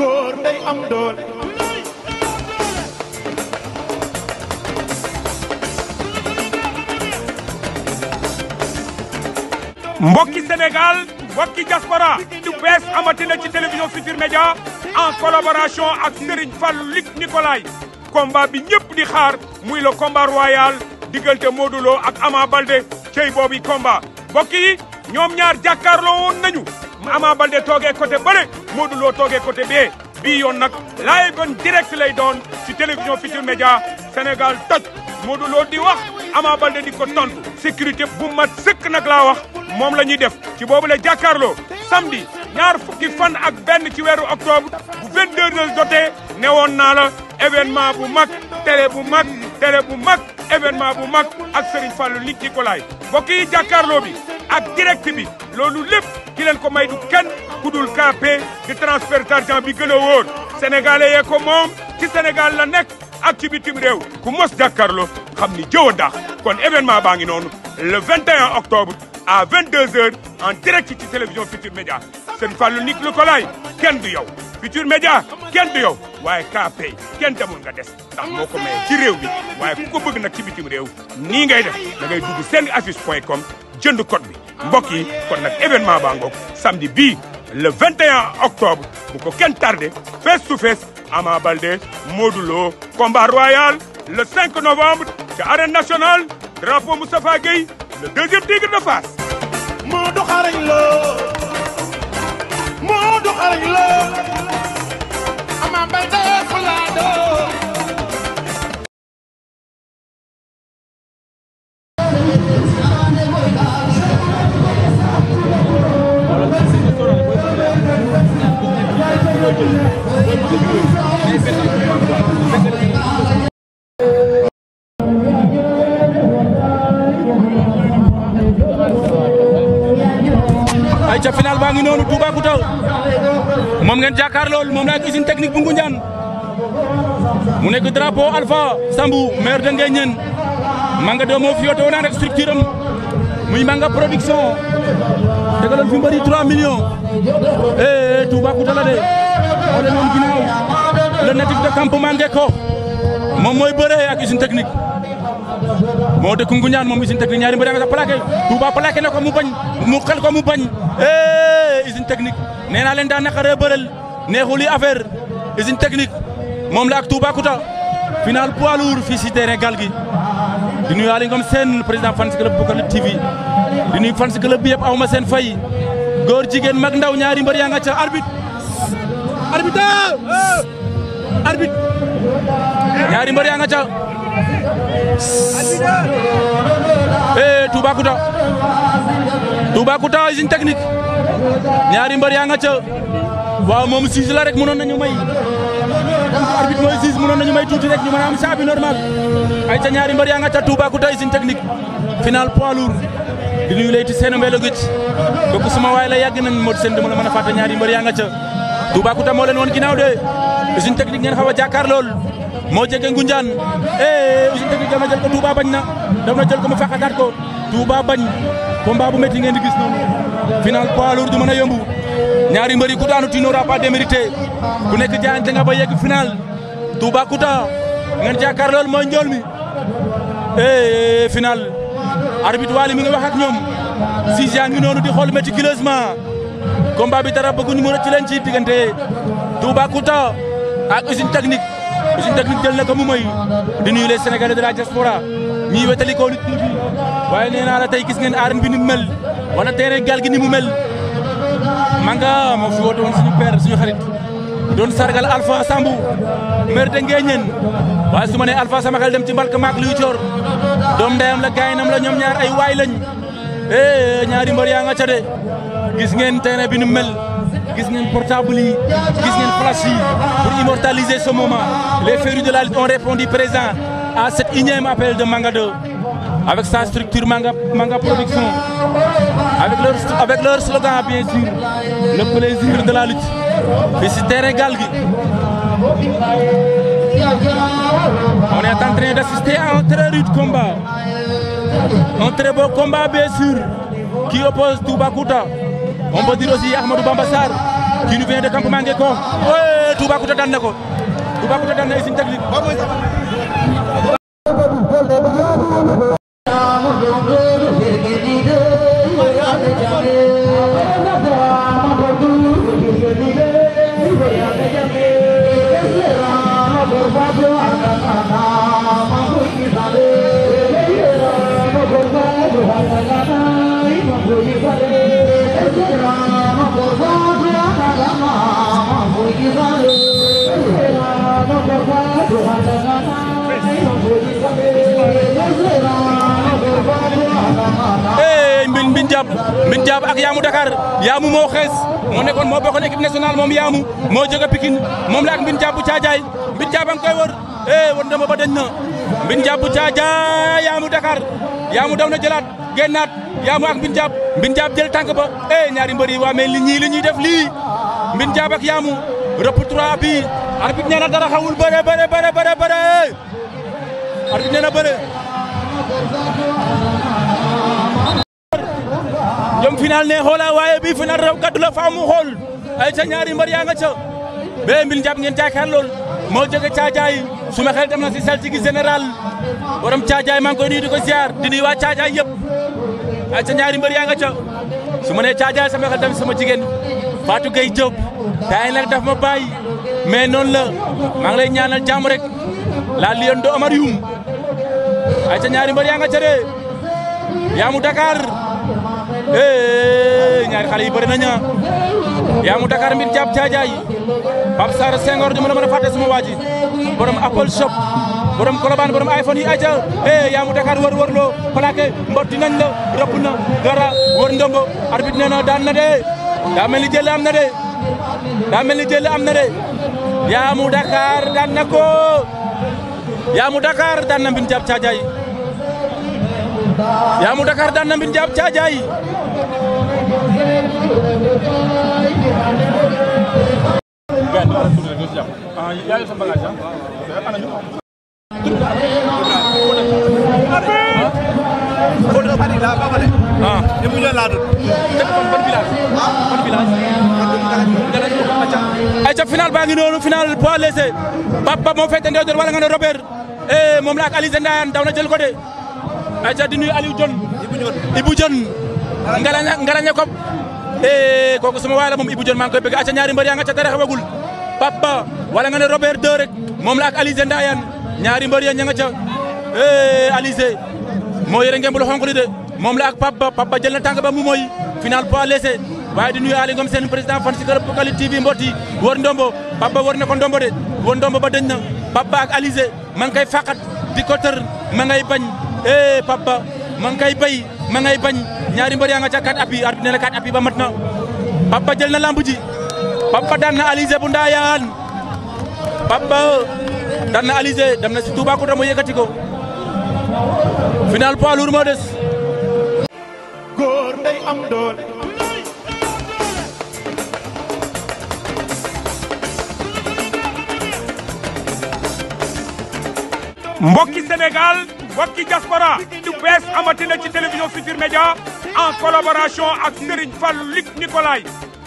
góor day am mbokki Sénégal mbokki diaspora du bees amatina ci télévision Futurs Médias en collaboration ak Serigne Fallou Luc Nicolaï combat bi ñëpp di xaar muy le combat royal diggante Modou Lo ak Ama Baldé cey boobu combat mbokk yi ñoom ñaar jàkkaarloo woon nañu Ama Baldé toogee côté bële Modou Lo toogee côté bee bii yoon nag laay bon direct lay doon si télévision Futurs Médias Sénégal toj Modou Lo di wax Ama Baldé di ko tontu sécurité bu mat sëkk nag laa wax moom la ñuy def ci boobu la jàkkaarloo samedi ñaar fukki fan ak benn ci weeru octobre bu 22 heures jotee newoon naa la événement bu mag télé bu mag télé bu mag événement bu mag ak Serigne Fallou Nicolas mbokk yi jàkkaarloo bi ak direct bi loolu lépp ki leen ko may du kenn ku dul KP di transfert d'argent bi gën a wóor sénégalais yee ko moom ci Sénégal la nekk ak ci bitim réew ku mos jàkkaarloo xam ni jëw a kon événement baa ngi noonu le 21 octobre à 22h en direct ci télévision Futur Média seen Fallou Nick kenn du yow Futur Média kenn du yow waaye KP kenn demul nga des ndax moo ko maye ci réew mi waaye ku ko bëgg nag ci bitim réew nii ngay def da ngay dugg seen affiche point com jënd code bi mbokk yi kon nag événement baa ngoog samedi bii le 21 bu ko kenn tardé face to face Ama Baldé Modou Lo royal le novembre ca arène nationale drapeau Moustapha Gueye le deuxième tigre de Fass Modou xarañ Lo Modou xarañ Lo Ama Baldé ay ca final baa ngi noonu Toubacouta moom ngeen jàkkaar lool moom laay usine technique bu Ngoundiane mu nekk drapeau Alpha Sambou maire de Nguéniène Manga 2 moo fiyote woon rek structure muy Manga production tegaloon fi mbëri 3 millions eh, eh Toubacouta la de moo demoon ginnaaw le natif moom mooy bëree ak usine technique moo dëkk Nguñaan moom usine technique ñaari mbër nga sax plaqué Touba plaqué na ko mu bañ mu xel ko mu bañ eh usine technique nee naa leen daa naqaree bëreel neexuli affaire usine technique moom la ak Toubacouta final poids lourd fii si terrain gal gi di nuyu Aliou Ngom seen président fans club Bokarli TV di nuyu fans club bi yëpp aw ma seen fay góor jigéen mag ndaw ñaari mbër yaa arbitre arbitre ñaari mbër yaa nga ca eh Toubacouta Toubacouta usine technique ñaari mbër yaa nga ca waaw moom siis la rek mënoon ñu may arbitre mooy siis mënoon ñu may tuuti rek ñu mën a am saabi normal ay ca ñaari mbër yaa nga ca Toubacouta usine technique final poids lourd di nuyu layti seen mbéy la gëj kooku suma waay la yàgg nañ moo di seen dama la mën a ñaari mbër yaa nga ca Toubacouta moo leen woon ginnaaw de usine technique ngeen xaw a jàkkaar lool moo jege Ngunjaan eh usine technique dama jël ko Touba bañ na daf na jël ko mu faqataat ko Touba bañ combat bu métti ngeen di gis noonu final poids lourd du mën a yomb ñaari mbëri ku daanu tu n'auras pas démérité ku nekk jaayante nga ba yegg final Toubacouta ngeen jàkkaar lool mooy njool mi eh final arbitre Waly mi ngi wax ak ñoom si yaa ngi noonu di xool méticuleusement. combat bi dara bëgguñu mu rëcc leen ci diggante Toubacouta ak usine technique usine technique jël na ko mu may di nuyu les sénégalais de la diaspora ñiy wetali ko nit nee naa la tey gis ngeen bi ni mu mel wala terrain gal gi mu mel manga moo fi woote woon suñu père suñu xarit doon sargal Alpha Sambou maire de Nguéniène waaye su ma nee Alpha dem ci mbalka maak liyu coor doom ndeyam la gaynam la ñoom ñaar ay waay lañ eh ñaari mbër yaa de gis ngeen terrain bi nu mel gis ngeen portable yi gis ngeen flash pour immortaliser ce moment les férus de la lutte ont répondu présent à cet énième appel de Manga avec sa structure Manga, avec leur, slogan bien sûr le plaisir de la lutte et ce terrain Galgui on est en d'assister à un très rude combat beau combat bien sûr qui oppose Toubacouta on peut dire aussi Ahmadou Bamba Sarr qui nous vient de Kampong Ngeko. Toubacouta daan na ko Toubacouta daan na usine technique. mbin mbin jàpp mbin jàpp ak yaamu Dakar yaamu moo xees moo nekkoon moo bokkoon équipe nationale moom yaamu moo jóge Pikine moom la ak mbin jàpp caajaay mbin jàpp wër eh wër ndama ba dañ na mbin jàpp caajaay yaamu Dakar yaamu daw na jëlaat yaamu ak mbin jàpp mbin jàpp jël tànk ba eh ñaari mbër yi li ñii li ñuy def lii mbin jàpp ak yaamu. rëpp 3 bi arbitre nee na dara xawul bëre bëre bëre bëre bëre arbitre nee na bëre jëm final ne xoola waaye bi final raw gàddu la faamu xool ay ca ñaari mbër yaa nga ca bee mbil njab ngeen jaakaar lool moo jóge caajaay suma xel dem na si saltigi général borom caajaay maa ngi koy nuyu di ko ziar di nuyu waa caajaay yëpp ay ca ñaari mbër yaa nga ca su ma nee caajaay sama xel dem sama jigéen Fatou Gueye Diop tay nag daf ma bàyyi mais noonu la maa ngi lay ñaanal jàmm rek la Omar Youm ay ñaari mbër yaa nga ca de Yamou Dakar eh ñaari xale yi bëri nañu ah. Yamou Dakar mbir jàpp caajaay Pape Sarr la mën a fàtte sama waa ji borom Apple shop borom Colobane borom iPhone yi aja eh Yamou wër wër loo plaqué mbotti nañ la rëpp na dara wër ndombo arbitre nee na daan na de. daa mel ni jëli am na de daa mel ni jëli am na de Yamou Dakar daan na ko Yamou Dakar daan na Mbine Diab ah? ah Ibou Ndiaye laa tudd. dëkk fan ngi noonu final poids léger Papa moo féete Ndeye Dior wala nga ne Robert eh, moom la ak Aliou Zendayane daw na jël ko de di nuyu Aliou Dione. Ibou Dione Ibou Dione. ngaraña ngaraña ko eh, kooku sama waay moom Ibou Dione maa ngi koy bëgg ayca ñaari mbër yaa nga ca dara xewagul Papa wala nga ne Robert 2 rek moom la ak Aliou Zendayane ñaari mbër ya nga ca eh, Alizé moo yore ngeen bul xonk li moom la ak Pape Ba Pape Ba jël tànk ba mu mooy final poids léger waaye di nuyu Aly Ngom seen président fan si kër Kali TV Mboti wër na ko ndombo de wër ndombo ba dëñ na Pape Ba ak Alizé ma ngi koy faqat di ko tër ma ngay bañ eh Pape ma ngi koy bay ma ngay bañ ñaari mbër yaa nga ca kat appi arbitre ne kat appi ba mat na Pape Ba jël na lamb ji Pape Ba daan na Alizé bu ndaayaan Pape Ba si Toubacouta mu yëkkati ko final poids lourd góor day am doole mbokki Sénégal mbokki diaspora du bees amatina ci télévision Futurs Médias en collaboration ak Serigne Fallou Luc Nicolaï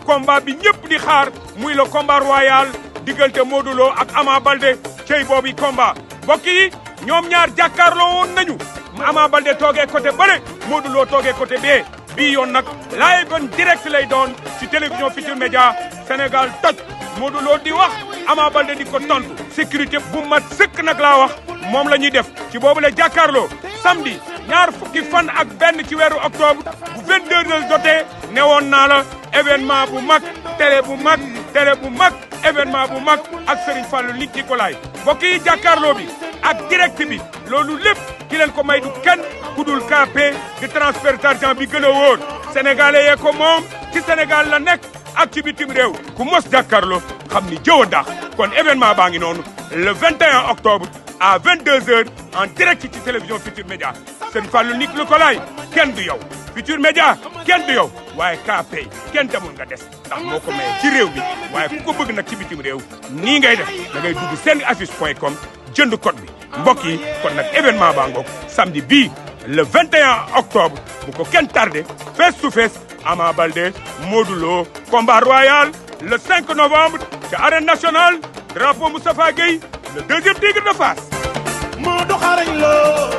combat bi ñëpp di xaar muy le combat royal diggante Modou ak Ama Baldé cey boobu combat mbokk yi ñoom ñaar jàkkaarloo woon nañu Ama Baldé toogee côté bële Modou Lo toogee côté bee bii yoon nag laay bon direct lay doon ci télévision Futurs Médias Sénégal toj Modou Lo di wax Ama Baldé di ko tontu sécurité bu mat sëkk nag laa wax moom la ñuy def ci boobu la jàkkaarloo samedi ñaar fukki fan ak benn ci weeru octobre bu 22 heures jotee newoon naa la événement bu mag télé bu mag télé bu mag événement bu mag ak Serigne Fallou Nick Nicolaï mbokk yi jàkkaarloo bi ak direct bi loolu lépp ki ko may du kenn ku dul KP di transfert d'argent bi gën a wóor sénégalais yee ko moom ci Sénégal la nekk ak ci bitim réew ku mos jàkkaarloo xam ni jëw a ndax kon événement baa ngi noonu le 21 octobre à 22h en direct ci télévision Futur Média seen fàllu Luc Nicolaï kenn du yow Futur Média kenn du yow waaye KP kenn demul nga des ndax moo ko maye ci réew mi waaye ku ko bëgg nag ci bitim réew nii ngay def da ngay dugg seen affiche point com jënd code bi mbokk yi kon nag événement baa ngoog samedi bii le 21 octobre bu ko kenn tardé face to face Ama Baldé Modou Lo combat royal le novembre ca arène nationale drapeau Moustapha Gueye le deuxième tigre de Fass. Modou xarañ Lo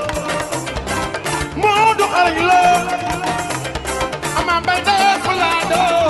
Modou xarañ Lo Ama Baldé Fulado